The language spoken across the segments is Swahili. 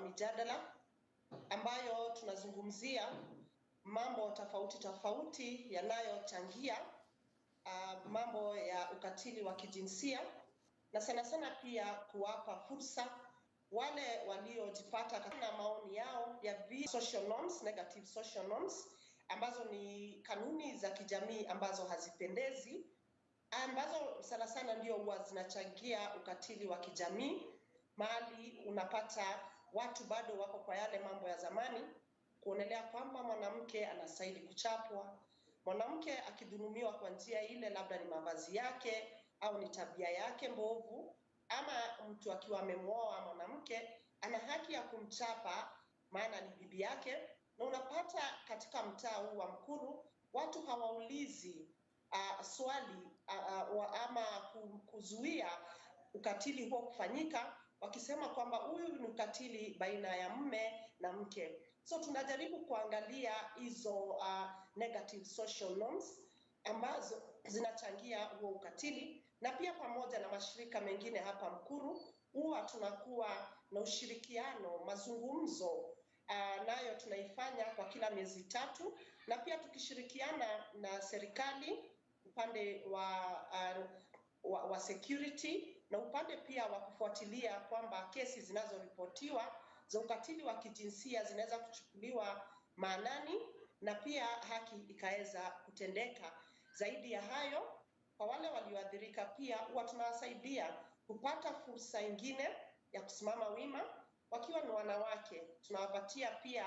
mijadala ambayo tunazungumzia mambo tofauti tofauti yanayochangia uh, mambo ya ukatili wa kijinsia na sana sana pia kuwapa fursa wale waliojipata na maoni yao ya social norms, negative social norms ambazo ni kanuni za kijamii ambazo hazipendezi ambazo sana sana ndio huwa zinachangia ukatili wa kijamii mahali unapata watu bado wako kwa yale mambo ya zamani, kuonelea kwamba mwanamke anastahili kuchapwa, mwanamke akidhulumiwa kwa njia ile, labda ni mavazi yake au ni tabia yake mbovu, ama mtu akiwa amemwoa mwanamke ana haki ya kumchapa, maana ni bibi yake. Na unapata katika mtaa huu wa Mkuru watu hawaulizi uh, swali uh, uh, ama kuzuia ukatili huo kufanyika wakisema kwamba huyu ni ukatili baina ya mme na mke. So tunajaribu kuangalia hizo uh, negative social norms ambazo zinachangia huo ukatili, na pia pamoja na mashirika mengine hapa Mkuru huwa tunakuwa na ushirikiano, mazungumzo Uh, nayo tunaifanya kwa kila miezi tatu na pia tukishirikiana na serikali upande wa, uh, wa, wa security na upande pia wa kufuatilia kwamba kesi zinazoripotiwa za ukatili wa kijinsia zinaweza kuchukuliwa maanani na pia haki ikaweza kutendeka. Zaidi ya hayo, kwa wale walioathirika pia huwa tunawasaidia kupata fursa ingine ya kusimama wima wakiwa ni wanawake. Tunawapatia pia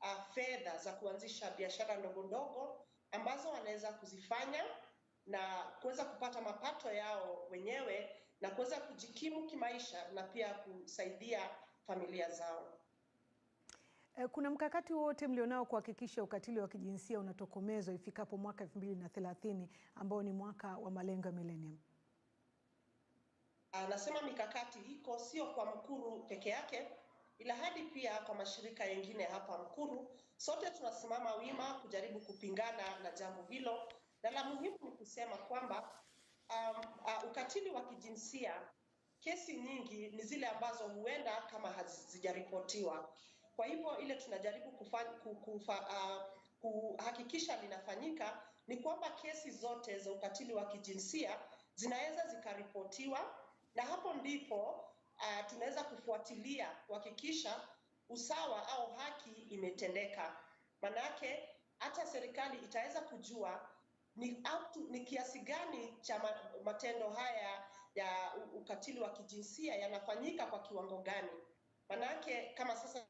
uh, fedha za kuanzisha biashara ndogo ndogo ambazo wanaweza kuzifanya na kuweza kupata mapato yao wenyewe na kuweza kujikimu kimaisha na pia kusaidia familia zao. Eh, kuna mkakati wowote mlionao kuhakikisha ukatili wa kijinsia unatokomezwa ifikapo mwaka elfu na thelathini ambao ni mwaka wa malengo ya milenium? Anasema ah, mikakati iko sio kwa Mkuru peke yake, ila hadi pia kwa mashirika yengine hapa Mkuru. Sote tunasimama wima kujaribu kupingana na jambo hilo, na la muhimu ni kusema kwamba um, uh, ukatili wa kijinsia kesi nyingi ni zile ambazo huenda kama hazijaripotiwa. Kwa hivyo ile tunajaribu kufa, uh, kuhakikisha linafanyika ni kwamba kesi zote za ukatili wa kijinsia zinaweza zikaripotiwa, na hapo ndipo uh, tunaweza kufuatilia kuhakikisha usawa au haki imetendeka. Manake hata serikali itaweza kujua ni, up ni kiasi gani cha matendo haya ya ukatili wa kijinsia yanafanyika kwa kiwango gani? Manake kama sasa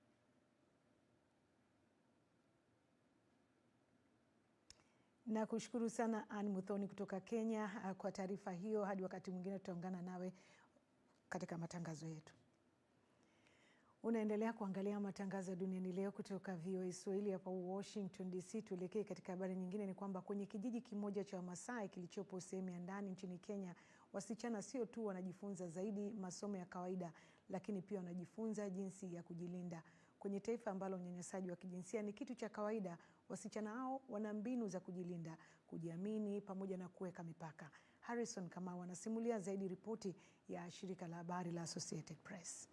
na kushukuru sana Ann Muthoni kutoka Kenya kwa taarifa hiyo. Hadi wakati mwingine tutaungana nawe katika matangazo yetu. Unaendelea kuangalia matangazo ya Duniani Leo kutoka VOA Swahili hapa Washington DC. Tuelekee katika habari nyingine, ni kwamba kwenye kijiji kimoja cha Wamasai kilichopo sehemu ya ndani nchini Kenya, wasichana sio tu wanajifunza zaidi masomo ya kawaida, lakini pia wanajifunza jinsi ya kujilinda. Kwenye taifa ambalo unyanyasaji wa kijinsia ni kitu cha kawaida, wasichana hao wana mbinu za kujilinda, kujiamini pamoja na kuweka mipaka. Harrison Kamau anasimulia zaidi ripoti ya shirika la habari la Associated Press.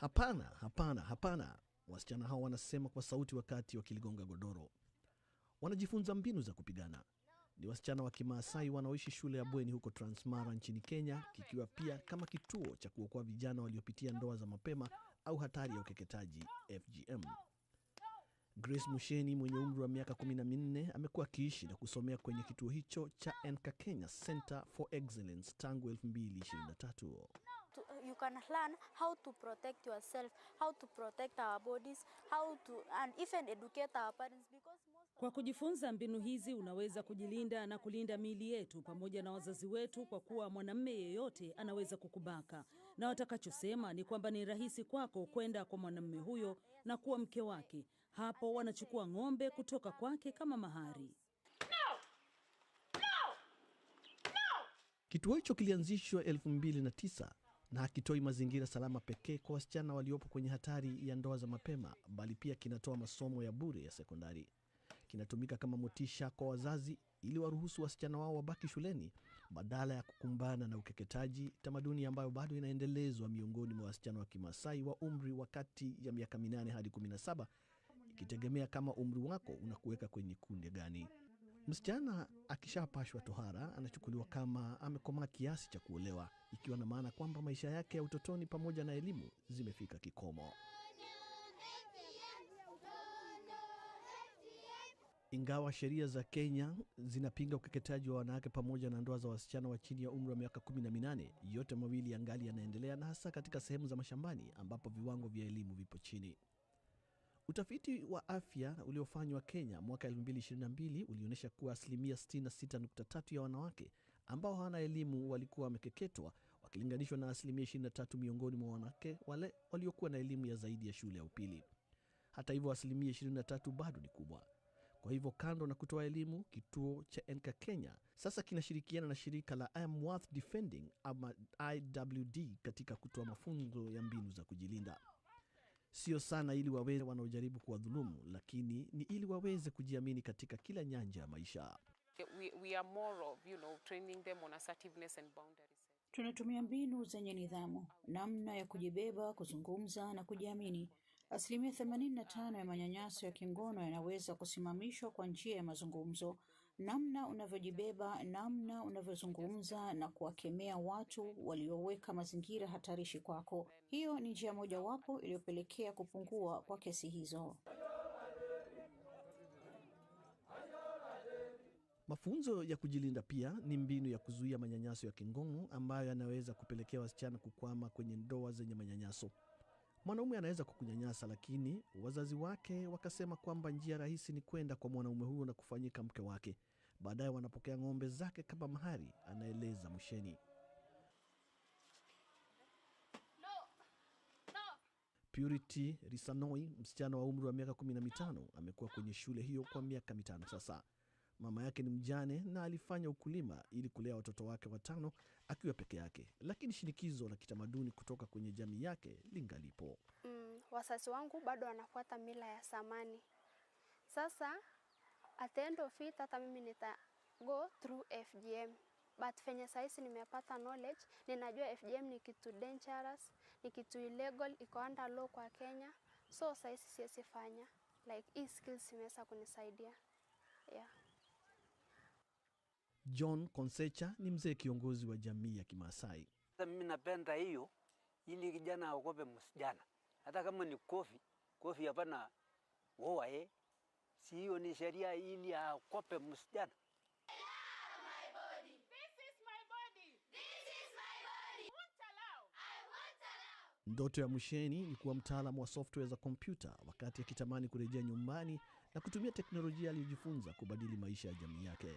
Hapana, hapana, hapana, wasichana hao wanasema kwa sauti wakati wakiligonga godoro. Wanajifunza mbinu za kupigana. Ni wasichana wa Kimaasai wanaoishi shule ya bweni huko Transmara nchini Kenya, kikiwa pia kama kituo cha kuokoa vijana waliopitia ndoa za mapema au hatari ya ukeketaji FGM. Grace Musheni mwenye umri wa miaka 14 amekuwa akiishi na kusomea kwenye kituo hicho cha Kenya Center for Excellence tangu 2023 to, you can learn how to protect yourself, how to protect our bodies, how to, and even educate our parents because most... Kwa kujifunza mbinu hizi unaweza kujilinda na kulinda miili yetu pamoja na wazazi wetu, kwa kuwa mwanamume yeyote anaweza kukubaka, na watakachosema ni kwamba ni rahisi kwako kwenda kwa mwanamume huyo na kuwa mke wake. Hapo wanachukua ng'ombe kutoka kwake kama mahari. Kituo hicho kilianzishwa 29 na hakitoi mazingira salama pekee kwa wasichana waliopo kwenye hatari ya ndoa za mapema, bali pia kinatoa masomo ya bure ya sekondari. Kinatumika kama motisha kwa wazazi ili waruhusu wasichana wao wabaki shuleni badala ya kukumbana na ukeketaji, tamaduni ambayo bado inaendelezwa miongoni mwa wasichana wa Kimasai wa umri wa kati ya miaka minane hadi 17 ikitegemea kama umri wako unakuweka kwenye kundi gani. Msichana akishapashwa tohara anachukuliwa kama amekomaa kiasi cha kuolewa, ikiwa na maana kwamba maisha yake ya utotoni pamoja na elimu zimefika kikomo. Ingawa sheria za Kenya zinapinga ukeketaji wa wanawake pamoja na ndoa za wasichana wa chini ya umri wa miaka 18, yote mawili ya ngali yanaendelea, na hasa katika sehemu za mashambani ambapo viwango vya elimu vipo chini. Utafiti wa afya uliofanywa Kenya mwaka 2022 ulionyesha kuwa asilimia 66.3 ya wanawake ambao hawana elimu walikuwa wamekeketwa wakilinganishwa na asilimia 23 miongoni mwa wanawake wale waliokuwa na elimu ya zaidi ya shule ya upili. Hata hivyo, asilimia 23 bado ni kubwa. Kwa hivyo, kando na kutoa elimu, kituo cha Enka Kenya sasa kinashirikiana na shirika la I Am Worth Defending ama IWD katika kutoa mafunzo ya mbinu za kujilinda sio sana ili waweze wanaojaribu kuwadhulumu, lakini ni ili waweze kujiamini katika kila nyanja ya maisha. you know, Tunatumia mbinu zenye nidhamu, namna ya kujibeba, kuzungumza na kujiamini. Asilimia 85 ya manyanyaso ya kingono yanaweza kusimamishwa kwa njia ya mazungumzo, namna unavyojibeba, namna unavyozungumza na kuwakemea watu walioweka mazingira hatarishi kwako. Hiyo ni njia mojawapo iliyopelekea kupungua kwa kesi hizo. Mafunzo ya kujilinda pia ni mbinu ya kuzuia manyanyaso ya kingono ambayo yanaweza kupelekea wasichana kukwama kwenye ndoa zenye manyanyaso. Mwanaume anaweza kukunyanyasa, lakini wazazi wake wakasema kwamba njia rahisi ni kwenda kwa mwanaume huyo na kufanyika mke wake. Baadaye wanapokea ng'ombe zake kama mahari, anaeleza mwishoni. Purity Risanoi, msichana wa umri wa miaka 15, amekuwa kwenye shule hiyo kwa miaka mitano sasa. Mama yake ni mjane na alifanya ukulima ili kulea watoto wake watano akiwa peke yake, lakini shinikizo la kitamaduni kutoka kwenye jamii yake lingalipo. Mm, wasasi wangu bado wanafuata mila ya samani Sasa At the end of it hata mimi nita go through FGM but fenye saisi nimepata knowledge, ninajua FGM ni kitu dangerous, ni kitu illegal, iko under law kwa Kenya, so saisi siwezi fanya like hii skills imeweza kunisaidia yeah. John Konsecha ni mzee kiongozi wa jamii ya Kimasai. Mimi napenda hiyo ili kijana aokope msijana, hata kama ni kofi kofi, hapana woa eh Si hiyo ni sheria ili akope msichana. Ndoto ya Musheni ni kuwa mtaalamu wa software za kompyuta, wakati akitamani kurejea nyumbani na kutumia teknolojia aliyojifunza kubadili maisha ya jamii yake.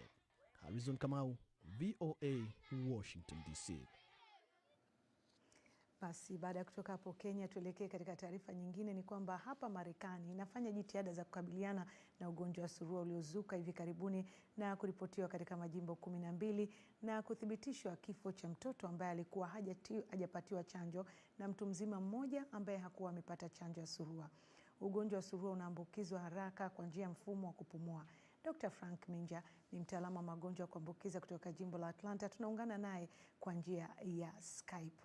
Harrison Kamau, VOA, Washington DC. Basi baada ya kutoka hapo Kenya, tuelekee katika taarifa nyingine. Ni kwamba hapa Marekani inafanya jitihada za kukabiliana na ugonjwa wa surua uliozuka hivi karibuni na kuripotiwa katika majimbo kumi na mbili na kuthibitishwa kifo cha mtoto ambaye alikuwa hajapatiwa chanjo na mtu mzima mmoja ambaye hakuwa amepata chanjo ya surua. Ugonjwa wa surua unaambukizwa haraka kwa njia ya mfumo wa kupumua. Dr. Frank Minja ni mtaalamu wa magonjwa ya kuambukiza kutoka jimbo la Atlanta. Tunaungana naye kwa njia ya Skype.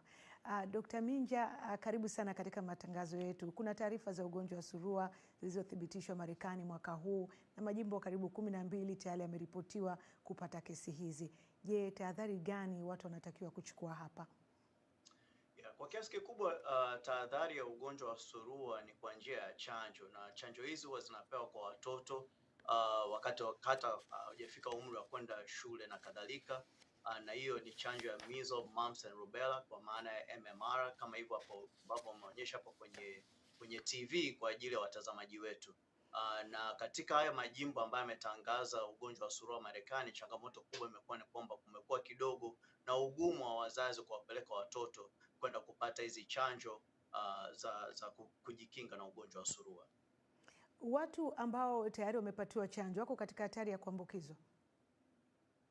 Uh, ah, Dr. Minja, uh, karibu sana katika matangazo yetu. Kuna taarifa za ugonjwa wa surua zilizothibitishwa Marekani mwaka huu na majimbo karibu kumi na mbili tayari yameripotiwa kupata kesi hizi. Je, tahadhari gani watu wanatakiwa kuchukua hapa? Yeah, kwa kiasi kikubwa uh, tahadhari ya ugonjwa wa surua ni kwa njia ya chanjo na chanjo hizi huwa zinapewa kwa watoto uh, wakati hata hawajafika uh, umri wa kwenda shule na kadhalika Ah, na hiyo ni chanjo ya measles, mumps and rubella kwa maana ya MMR kama hivyo hapo baba wameonyesha hapo kwenye kwenye TV kwa ajili ya watazamaji wetu. Uh, na katika haya majimbo ambayo yametangaza ugonjwa wa surua Marekani, changamoto kubwa imekuwa ni kwamba kumekuwa kidogo na ugumu wa wazazi kuwapeleka watoto kwenda kupata hizi chanjo uh, za, za kujikinga na ugonjwa wa surua. Watu ambao tayari wamepatiwa chanjo wako katika hatari ya kuambukizwa?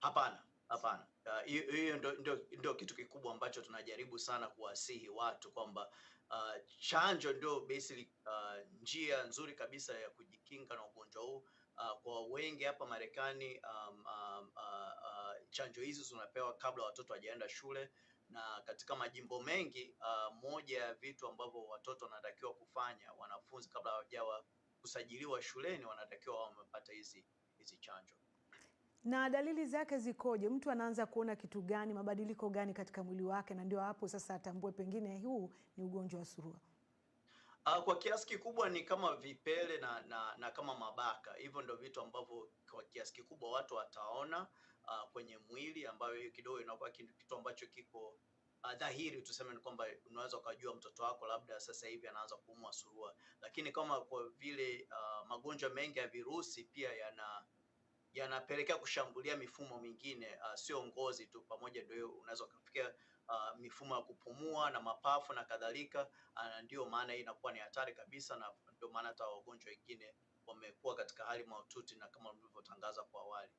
Hapana. Hapana, ah, hiyo uh, ndio, ndo kitu kikubwa ambacho tunajaribu sana kuwasihi watu kwamba uh, chanjo ndio basically uh, njia nzuri kabisa ya kujikinga na ugonjwa huu. Uh, kwa wengi hapa Marekani um, uh, uh, uh, chanjo hizi zinapewa kabla watoto wajaenda shule, na katika majimbo mengi uh, moja ya vitu ambavyo watoto wanatakiwa kufanya, wanafunzi kabla hawajawa kusajiliwa shuleni, wanatakiwa wamepata hizi hizi chanjo. Na dalili zake zikoje? Mtu anaanza kuona kitu gani, mabadiliko gani katika mwili wake, na ndio hapo sasa atambue pengine huu ni ugonjwa wa surua? Ah, kwa kiasi kikubwa ni kama vipele na, na, na kama mabaka. Hivyo ndio vitu ambavyo kwa kiasi kikubwa watu wataona uh, kwenye mwili, ambayo hiyo kidogo inakuwa kitu ambacho kiko uh, dhahiri. Tuseme ni kwamba unaweza ukajua mtoto wako labda sasa hivi anaanza kuumwa surua, lakini kama kwa vile uh, magonjwa mengi ya virusi pia yana yanapelekea kushambulia mifumo mingine uh, sio ngozi tu, pamoja ndio unaweza ukafikia uh, mifumo ya kupumua na mapafu na kadhalika. Uh, ndio maana hii inakuwa ni hatari kabisa, na ndio maana hata wagonjwa wengine wamekuwa katika hali mahututi, na kama ulivyotangaza kwa awali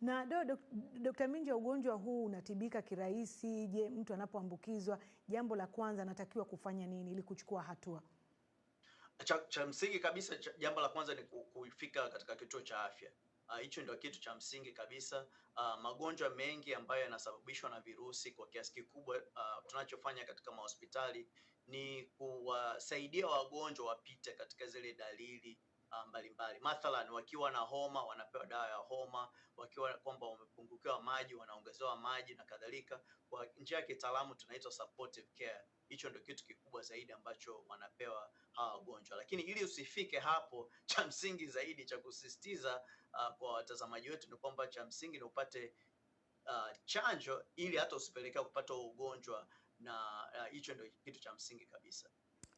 na do, do, Dr. Minja, ugonjwa huu unatibika kirahisi? Je, mtu anapoambukizwa, jambo la kwanza anatakiwa kufanya nini ili kuchukua hatua? Cha, cha msingi kabisa, jambo la kwanza ni kufika katika kituo cha afya. Ah, hicho uh, ndio kitu cha msingi kabisa. Uh, magonjwa mengi ambayo yanasababishwa na virusi kwa kiasi kikubwa, uh, tunachofanya katika mahospitali ni kuwasaidia wagonjwa wapite katika zile dalili Ah, mbalimbali. Mathalan, wakiwa na homa wanapewa dawa ya homa, wakiwa kwamba wamepungukiwa maji wanaongezewa maji na kadhalika. Kwa njia ya kitaalamu tunaitwa supportive care. Hicho ndio kitu kikubwa zaidi ambacho wanapewa hawa wagonjwa, lakini ili usifike hapo, cha msingi zaidi cha kusisitiza uh, kwa watazamaji wetu ni kwamba cha msingi ni upate uh, chanjo ili hata usipelekea kupata ugonjwa, na hicho uh, ndio kitu cha msingi kabisa.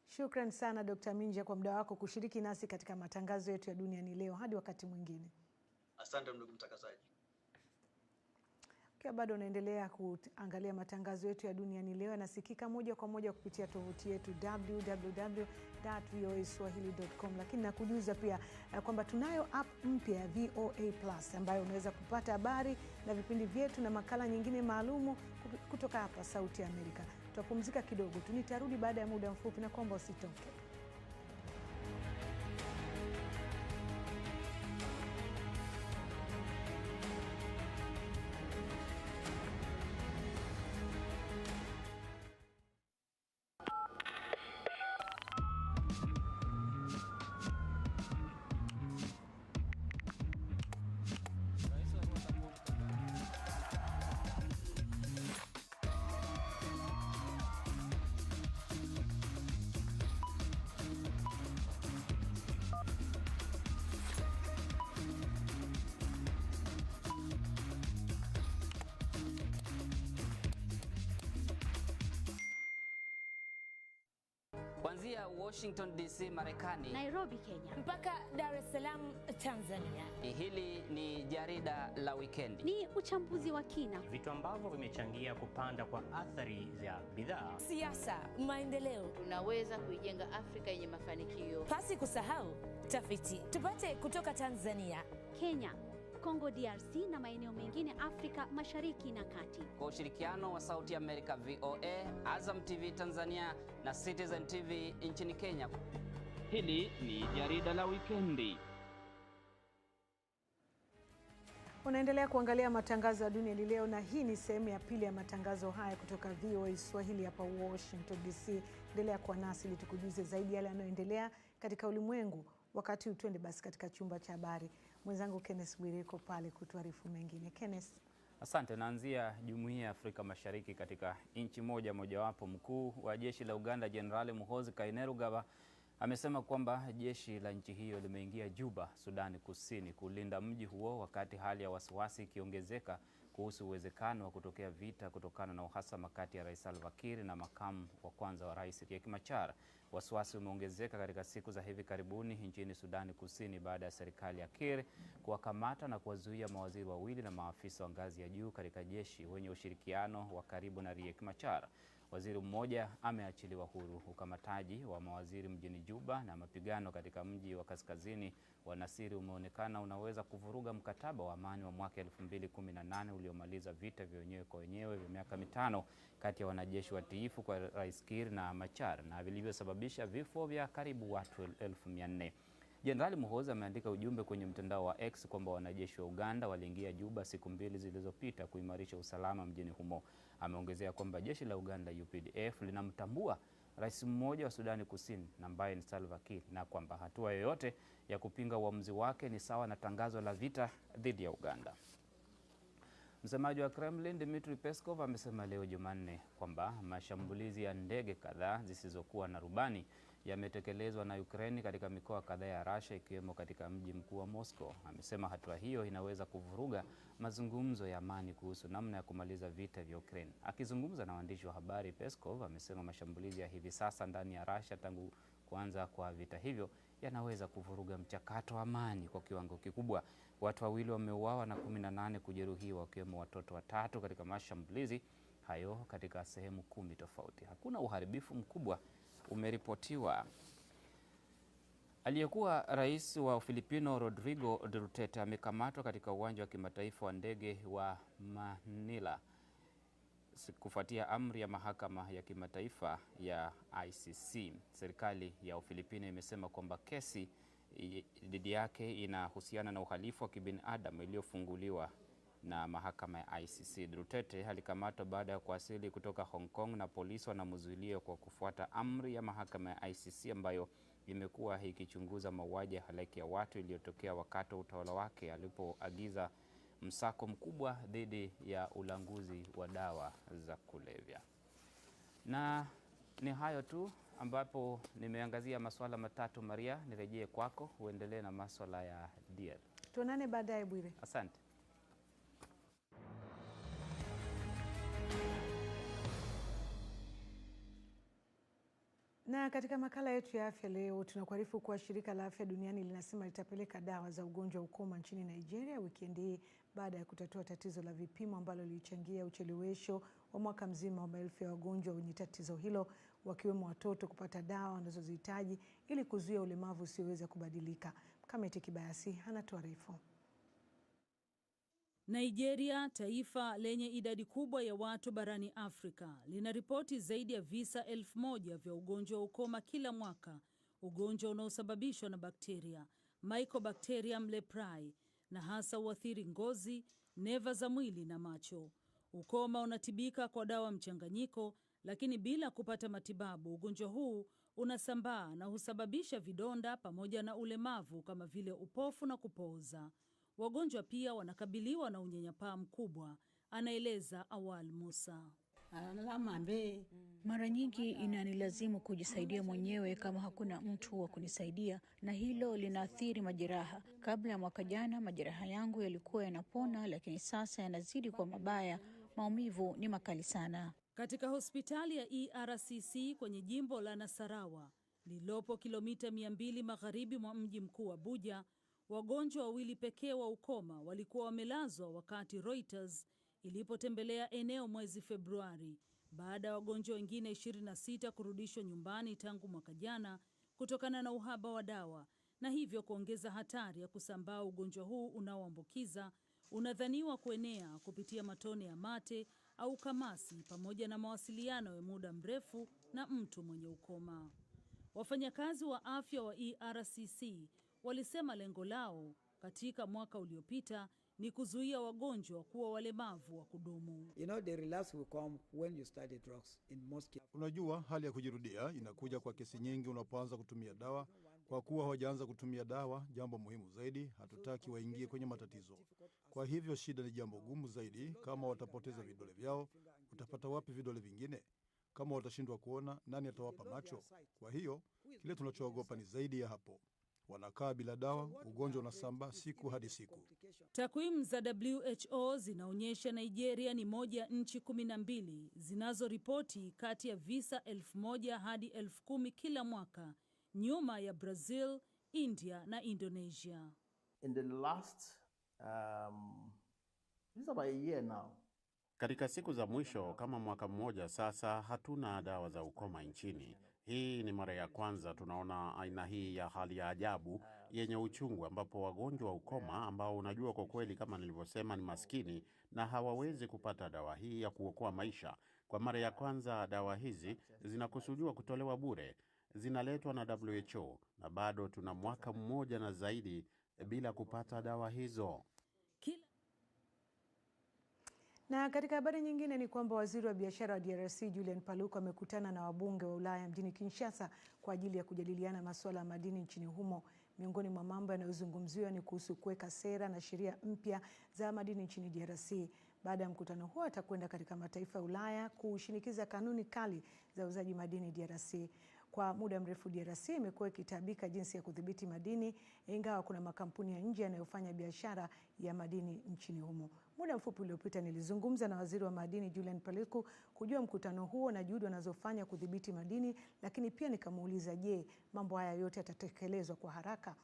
Shukran sana Dr. Minja kwa muda wako kushiriki nasi katika matangazo yetu ya Duniani Leo. Hadi wakati mwingine. Asante ndugu mtangazaji. Ukiwa bado unaendelea kuangalia matangazo yetu ya Duniani Leo, yanasikika moja kwa moja kupitia tovuti yetu www.voaswahili.com, lakini nakujuza pia eh, kwamba tunayo app mpya ya VOA Plus ambayo unaweza kupata habari na vipindi vyetu na makala nyingine maalumu kutoka hapa Sauti ya Amerika tutapumzika kidogo tu, nitarudi baada ya muda mfupi, na kwamba usitoke. kuanzia Washington DC Marekani, Nairobi Kenya, mpaka Dar es Salaam Tanzania. Hili ni jarida la wikendi, ni uchambuzi wa kina, vitu ambavyo vimechangia kupanda kwa athari za bidhaa, siasa, maendeleo. Tunaweza kuijenga Afrika yenye mafanikio, pasi kusahau tafiti tupate kutoka Tanzania, Kenya Kongo DRC na maeneo mengine Afrika Mashariki na Kati. Kwa ushirikiano wa Sauti ya Amerika VOA, Azam TV Tanzania na Citizen TV nchini Kenya. Hili ni jarida la wikendi. Unaendelea kuangalia matangazo ya dunia leo, na hii ni sehemu ya pili ya matangazo haya kutoka VOA Swahili hapa Washington DC. Endelea kuwa nasi ili tukujuze zaidi yale yanayoendelea katika ulimwengu. Wakati utwende basi katika chumba cha habari mwenzangu Kenneth Bwire yuko pale kutuarifu mengine. Kenneth, asante. Naanzia Jumuiya ya Afrika Mashariki katika nchi moja mojawapo. Mkuu wa jeshi la Uganda Jenerali Muhoozi Kainerugaba amesema kwamba jeshi la nchi hiyo limeingia Juba, Sudani Kusini kulinda mji huo wakati hali ya wasiwasi ikiongezeka kuhusu uwezekano wa kutokea vita kutokana na uhasama kati ya Rais Salva Kiir na makamu wa kwanza wa rais Riek Machar. Wasiwasi umeongezeka katika siku za hivi karibuni nchini Sudani Kusini baada ya serikali ya Kiir kuwakamata na kuwazuia mawaziri wawili na maafisa wa ngazi ya juu katika jeshi wenye ushirikiano wa karibu na Riek Machar. Waziri mmoja ameachiliwa huru. Ukamataji wa mawaziri mjini Juba na mapigano katika mji wa kaskazini wa Nasiri umeonekana unaweza kuvuruga mkataba wa amani wa mwaka 2018 uliomaliza vita vya wenyewe kwa wenyewe vya miaka mitano kati ya wanajeshi watiifu kwa Rais Kiir na Machar na vilivyosababisha vifo vya karibu watu 1400. Jenerali Muhoozi ameandika ujumbe kwenye mtandao wa X kwamba wanajeshi wa Uganda waliingia Juba siku mbili zilizopita kuimarisha usalama mjini humo. Ameongezea kwamba jeshi la Uganda UPDF linamtambua rais mmoja wa Sudani Kusini ambaye ni Salva Kiir na kwamba hatua yoyote ya kupinga uamuzi wake ni sawa na tangazo la vita dhidi ya Uganda. Msemaji wa Kremlin Dmitry Peskov amesema leo Jumanne kwamba mashambulizi ya ndege kadhaa zisizokuwa na rubani yametekelezwa na Ukraine katika mikoa kadhaa ya Russia ikiwemo katika mji mkuu wa Moscow. Amesema hatua hiyo inaweza kuvuruga mazungumzo ya amani kuhusu namna ya kumaliza vita vya Ukraine. Akizungumza na waandishi wa habari, Peskov amesema mashambulizi ya hivi sasa ndani ya Russia tangu kuanza kwa vita hivyo yanaweza kuvuruga mchakato wa amani kwa kiwango kikubwa. Watu wawili wameuawa na 18 kujeruhiwa wakiwemo watoto watatu katika mashambulizi hayo katika sehemu kumi tofauti. Hakuna uharibifu mkubwa umeripotiwa. Aliyekuwa rais wa Ufilipino Rodrigo Duterte amekamatwa katika uwanja wa kimataifa wa ndege wa Manila kufuatia amri ya mahakama ya kimataifa ya ICC. Serikali ya Ufilipino imesema kwamba kesi dhidi yake inahusiana na uhalifu wa kibinadamu iliyofunguliwa na mahakama ya ICC. Drutete alikamatwa baada ya kuwasili kutoka Hong Kong na polisi wanamzuilia kwa kufuata amri ya mahakama ya ICC ambayo imekuwa ikichunguza mauaji ya halaiki ya watu iliyotokea wakati wa utawala wake alipoagiza msako mkubwa dhidi ya ulanguzi wa dawa za kulevya. Na ni hayo tu ambapo nimeangazia masuala matatu. Maria, nirejee kwako uendelee na masuala ya DL. Tuonane baadaye Bwire. Asante. Na katika makala yetu ya afya leo tunakuarifu kuwa shirika la afya duniani linasema litapeleka dawa za ugonjwa wa ukoma nchini Nigeria wikendi hii baada ya kutatua tatizo la vipimo ambalo lilichangia uchelewesho wa mwaka mzima wa maelfu ya wagonjwa wenye tatizo hilo wakiwemo watoto kupata dawa wanazozihitaji ili kuzuia ulemavu usioweza kubadilika. Mkamiti Kibayasi anatuarifu. Nigeria, taifa lenye idadi kubwa ya watu barani Afrika, ripoti zaidi ya visa elfu moja vya ugonjwa wa ukoma kila mwaka, ugonjwa unaosababishwa na bakteria Mycobacterium leprae, na hasa huathiri ngozi, neva za mwili na macho. Ukoma unatibika kwa dawa mchanganyiko, lakini bila kupata matibabu, ugonjwa huu unasambaa na husababisha vidonda pamoja na ulemavu kama vile upofu na kupooza. Wagonjwa pia wanakabiliwa na unyanyapaa mkubwa, anaeleza Awal Musa. Mara nyingi inanilazimu kujisaidia mwenyewe kama hakuna mtu wa kunisaidia, na hilo linaathiri majeraha. Kabla ya mwaka jana, majeraha yangu yalikuwa yanapona, lakini sasa yanazidi kuwa mabaya. Maumivu ni makali sana. Katika hospitali ya ERCC kwenye jimbo la Nasarawa lililopo kilomita 200 magharibi mwa mji mkuu Abuja, Wagonjwa wawili pekee wa ukoma walikuwa wamelazwa wakati Reuters ilipotembelea eneo mwezi Februari baada ya wagonjwa wengine 26 kurudishwa nyumbani tangu mwaka jana kutokana na uhaba wa dawa na hivyo kuongeza hatari ya kusambaa ugonjwa huu unaoambukiza unadhaniwa kuenea kupitia matone ya mate au kamasi pamoja na mawasiliano ya muda mrefu na mtu mwenye ukoma. Wafanyakazi wa afya wa ERCC walisema lengo lao katika mwaka uliopita ni kuzuia wagonjwa kuwa walemavu wa kudumu. Unajua, hali ya kujirudia inakuja kwa kesi nyingi unapoanza kutumia dawa. Kwa kuwa hawajaanza kutumia dawa, jambo muhimu zaidi, hatutaki waingie kwenye matatizo. Kwa hivyo shida ni jambo gumu zaidi. Kama watapoteza vidole vyao, utapata wapi vidole vingine? Kama watashindwa kuona, nani atawapa macho? Kwa hiyo kile tunachoogopa ni zaidi ya hapo wanakaa bila dawa, ugonjwa unasambaa siku hadi siku. Takwimu za WHO zinaonyesha Nigeria ni moja ya nchi kumi na mbili zinazoripoti kati ya visa elfu moja hadi elfu kumi kila mwaka, nyuma ya Brazil, India na Indonesia. In the last, um, this is about a year now. Katika siku za mwisho kama mwaka mmoja sasa, hatuna dawa za ukoma nchini hii ni mara ya kwanza tunaona aina hii ya hali ya ajabu yenye uchungu, ambapo wagonjwa wa ukoma ambao unajua kwa kweli, kama nilivyosema, ni maskini na hawawezi kupata dawa hii ya kuokoa maisha. Kwa mara ya kwanza dawa hizi zinakusudiwa kutolewa bure, zinaletwa na WHO na bado tuna mwaka mmoja na zaidi bila kupata dawa hizo. Na katika habari nyingine ni kwamba waziri wa biashara wa DRC julian Paluku amekutana na wabunge wa Ulaya mjini Kinshasa kwa ajili ya kujadiliana masuala ya madini nchini humo. Miongoni mwa mambo yanayozungumziwa ni kuhusu kuweka sera na sheria mpya za madini nchini DRC. Baada ya mkutano huo, atakwenda katika mataifa ya Ulaya kushinikiza kanuni kali za uuzaji madini DRC. Kwa muda mrefu DRC imekuwa ikitabika jinsi ya kudhibiti madini, ingawa kuna makampuni ya nje yanayofanya biashara ya madini nchini humo. Muda mfupi uliopita nilizungumza na waziri wa madini Julian paliku kujua mkutano huo na juhudi wanazofanya kudhibiti madini, lakini pia nikamuuliza, je, mambo haya yote yatatekelezwa kwa haraka?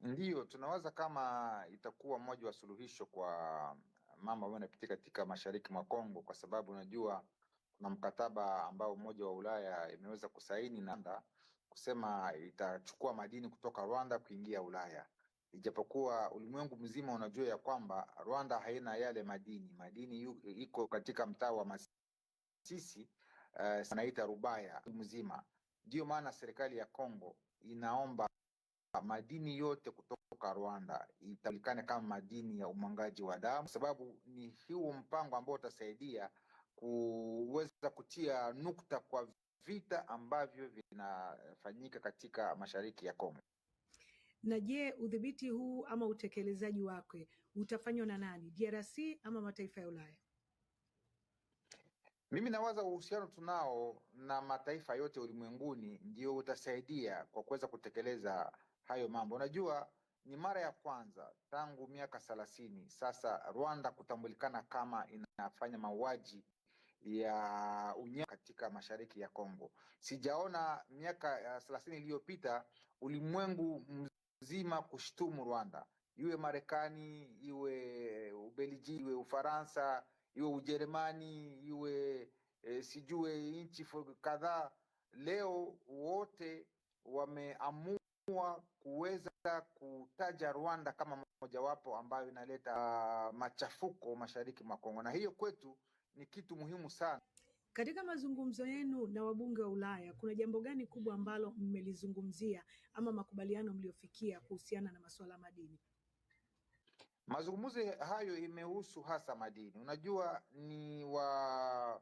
Ndiyo, tunawaza kama itakuwa mmoja wa suluhisho kwa mambo ambayo yanapitia katika mashariki mwa Kongo, kwa sababu unajua kuna mkataba ambao Umoja wa Ulaya imeweza kusaini na kusema itachukua madini kutoka Rwanda kuingia Ulaya ijapokuwa ulimwengu mzima unajua ya kwamba Rwanda haina yale madini. Madini iko katika mtaa wa Masisi uh, eh, naita Rubaya mzima. Ndiyo maana serikali ya Kongo inaomba madini yote kutoka Rwanda itajulikane kama madini ya umwangaji wa damu, kwa sababu ni huu mpango ambao utasaidia kuweza kutia nukta kwa vita ambavyo vinafanyika katika mashariki ya Kongo. Na je, udhibiti huu ama utekelezaji wake utafanywa na nani, DRC ama mataifa ya Ulaya? Mimi nawaza uhusiano tunao na mataifa yote ulimwenguni ndio utasaidia kwa kuweza kutekeleza hayo mambo. Unajua, ni mara ya kwanza tangu miaka thelathini sasa Rwanda kutambulikana kama inafanya mauaji ya unya katika mashariki ya Kongo. Sijaona miaka eh, thelathini iliyopita ulimwengu zima kushtumu Rwanda, iwe Marekani, iwe Ubelgiji, iwe Ufaransa, iwe Ujerumani, iwe e, sijue nchi kadhaa. Leo wote wameamua kuweza kutaja Rwanda kama mojawapo ambayo inaleta ah, machafuko mashariki mwa Kongo, na hiyo kwetu ni kitu muhimu sana. Katika mazungumzo yenu na wabunge wa Ulaya, kuna jambo gani kubwa ambalo mmelizungumzia ama makubaliano mliofikia kuhusiana na masuala ya madini? Mazungumzo hayo imehusu hasa madini. Unajua ni wa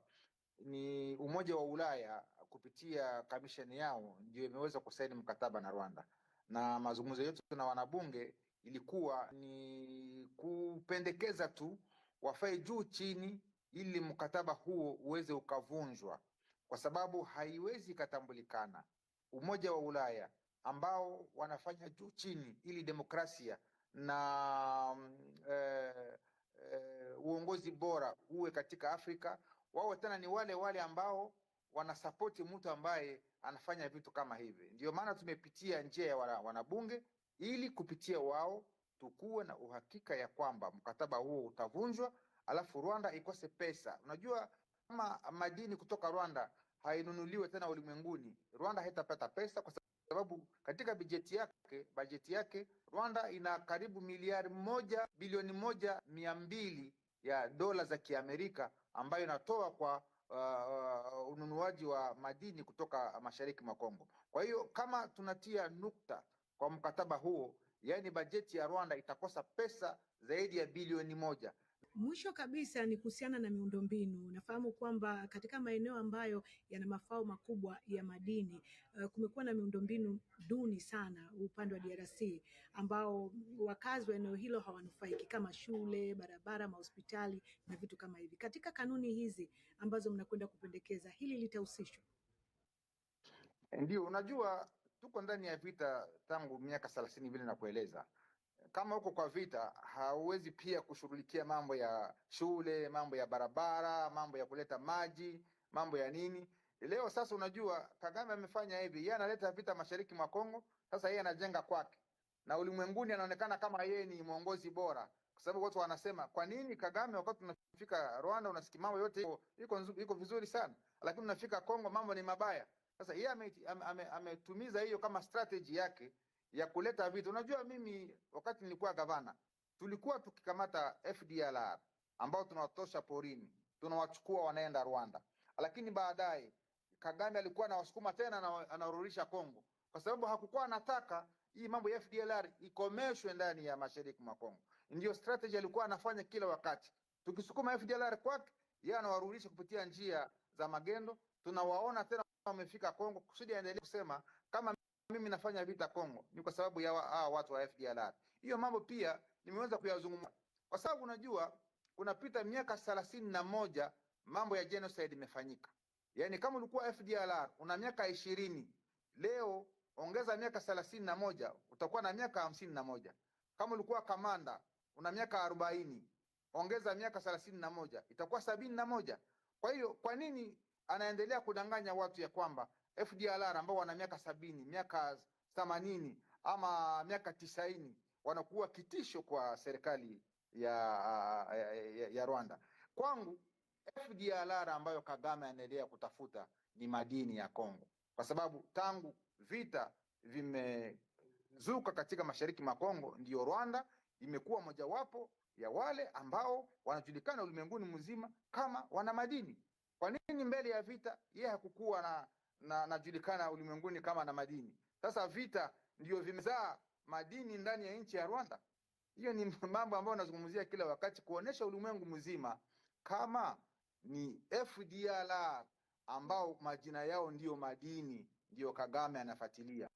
ni Umoja wa Ulaya kupitia kamisheni yao ndio imeweza kusaini mkataba na Rwanda, na mazungumzo yetu na wanabunge ilikuwa ni kupendekeza tu wafae juu chini ili mkataba huo uweze ukavunjwa, kwa sababu haiwezi ikatambulikana. Umoja wa Ulaya ambao wanafanya juu chini ili demokrasia na e, e, uongozi bora uwe katika Afrika, wao tena ni wale wale ambao wanasapoti mtu ambaye anafanya vitu kama hivi. Ndio maana tumepitia njia ya wanabunge ili kupitia wao tukuwe na uhakika ya kwamba mkataba huo utavunjwa alafu Rwanda ikose pesa. Unajua kama madini kutoka Rwanda hainunuliwe tena ulimwenguni, Rwanda haitapata pesa kwa sababu katika bajeti yake bajeti yake Rwanda ina karibu miliari moja bilioni moja mia mbili ya dola za Kiamerika ambayo inatoa kwa uh, uh, ununuaji wa madini kutoka mashariki mwa Kongo. Kwa hiyo kama tunatia nukta kwa mkataba huo, yaani bajeti ya Rwanda itakosa pesa zaidi ya bilioni moja. Mwisho kabisa ni kuhusiana na miundombinu. Nafahamu kwamba katika maeneo ambayo yana mafao makubwa ya madini uh, kumekuwa na miundombinu duni sana upande wa DRC ambao wakazi wa eneo hilo hawanufaiki kama shule, barabara, mahospitali na vitu kama hivi. Katika kanuni hizi ambazo mnakwenda kupendekeza, hili litahusishwa? Ndio, unajua tuko ndani ya vita tangu miaka thelathini vile na kueleza kama uko kwa vita, hauwezi pia kushughulikia mambo ya shule, mambo ya barabara, mambo ya kuleta maji, mambo ya nini. Leo sasa, unajua Kagame amefanya hivi, yeye analeta vita mashariki mwa Kongo, sasa yeye anajenga kwake, na ulimwenguni anaonekana kama yeye ni mwongozi bora, kwa sababu watu wanasema kwa nini Kagame, wakati tunafika Rwanda unasikia mambo yote iko iko vizuri sana, lakini unafika Kongo mambo ni mabaya. Sasa yeye ametumiza ame, ame hiyo kama strategy yake ya kuleta vitu. Unajua, mimi wakati nilikuwa gavana, tulikuwa tukikamata FDLR ambao tunawatosha porini, tunawachukua wanaenda Rwanda, lakini baadaye Kagame alikuwa anawasukuma tena, na anarudisha Kongo kwa sababu hakukuwa anataka hii mambo ya FDLR ikomeshwe ndani ya mashariki mwa Kongo. Ndio strategy alikuwa anafanya kila wakati, tukisukuma FDLR kwake, yeye anawarudisha kupitia njia za magendo. Tunawaona tena wamefika Kongo kusudi aendelee kusema mimi nafanya vita Kongo ni kwa sababu ya hawa watu wa FDLR. Hiyo mambo pia nimeweza kuyazungumza, kwa sababu unajua kunapita miaka thelathini na moja mambo ya genocide imefanyika. Yaani kama ulikuwa FDLR una miaka ishirini leo ongeza miaka thelathini na moja utakuwa na miaka hamsini na moja Kama ulikuwa kamanda una miaka arobaini ongeza miaka thelathini na moja itakuwa sabini na moja Kwa hiyo kwa nini anaendelea kudanganya watu ya kwamba FDLR ambao wana miaka sabini, miaka themanini ama miaka tisaini wanakuwa kitisho kwa serikali ya, ya, ya, ya Rwanda. Kwangu FDLR ambayo Kagame anaendelea kutafuta ni madini ya Kongo, kwa sababu tangu vita vimezuka katika mashariki mwa Kongo, ndiyo Rwanda imekuwa mojawapo ya wale ambao wanajulikana ulimwenguni mzima kama wana madini. Kwa nini mbele ya vita yeye hakukuwa na na najulikana ulimwenguni kama na madini. Sasa vita ndio vimezaa madini ndani ya nchi ya Rwanda. Hiyo ni mambo ambayo nazungumzia kila wakati, kuonesha ulimwengu mzima kama ni FDLR ambao majina yao ndiyo madini, ndiyo Kagame anafuatilia.